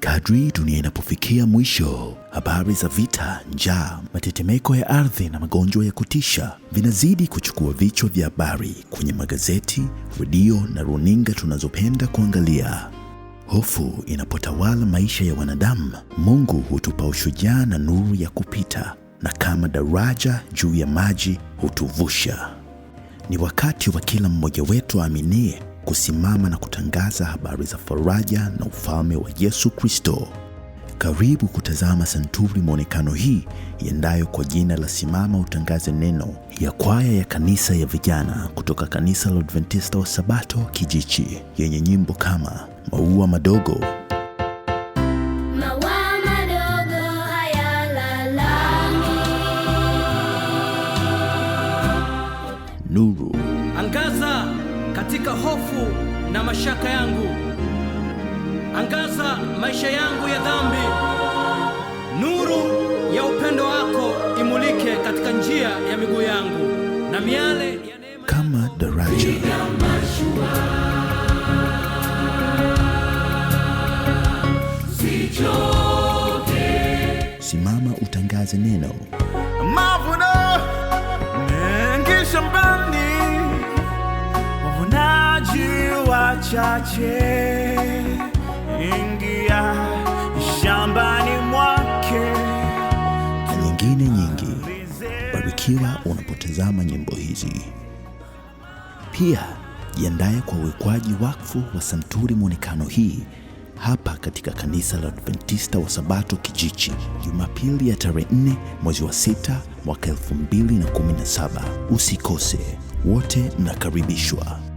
Kadri dunia inapofikia mwisho, habari za vita, njaa, matetemeko ya ardhi na magonjwa ya kutisha vinazidi kuchukua vichwa vya habari kwenye magazeti, redio na runinga tunazopenda kuangalia. Hofu inapotawala maisha ya wanadamu, Mungu hutupa ushujaa na nuru ya kupita, na kama daraja juu ya maji hutuvusha. Ni wakati wa kila mmoja wetu aaminie kusimama na kutangaza habari za faraja na ufalme wa Yesu Kristo. Karibu kutazama santuri maonekano hii iendayo kwa jina la Simama Utangaze Neno ya kwaya ya kanisa ya vijana kutoka kanisa la Adventista wa Sabato Kijichi, yenye nyimbo kama maua madogo Nuru Angaza katika hofu na mashaka yangu. Angaza maisha yangu ya dhambi, nuru ya upendo wako imulike katika njia ya miguu yangu, na miale ya neema kama daraja simama utangaze neno Mavu maji wachache, ingia shambani mwake. Na nyingine nyingi, barikiwa unapotazama nyimbo hizi. Pia jiandaye kwa uwekwaji wakfu wa santuri muonekano hii hapa katika kanisa la Adventista wa Sabato Kijichi, Jumapili ya tarehe 4 mwezi wa 6 mwaka 2017. Usikose, wote mnakaribishwa.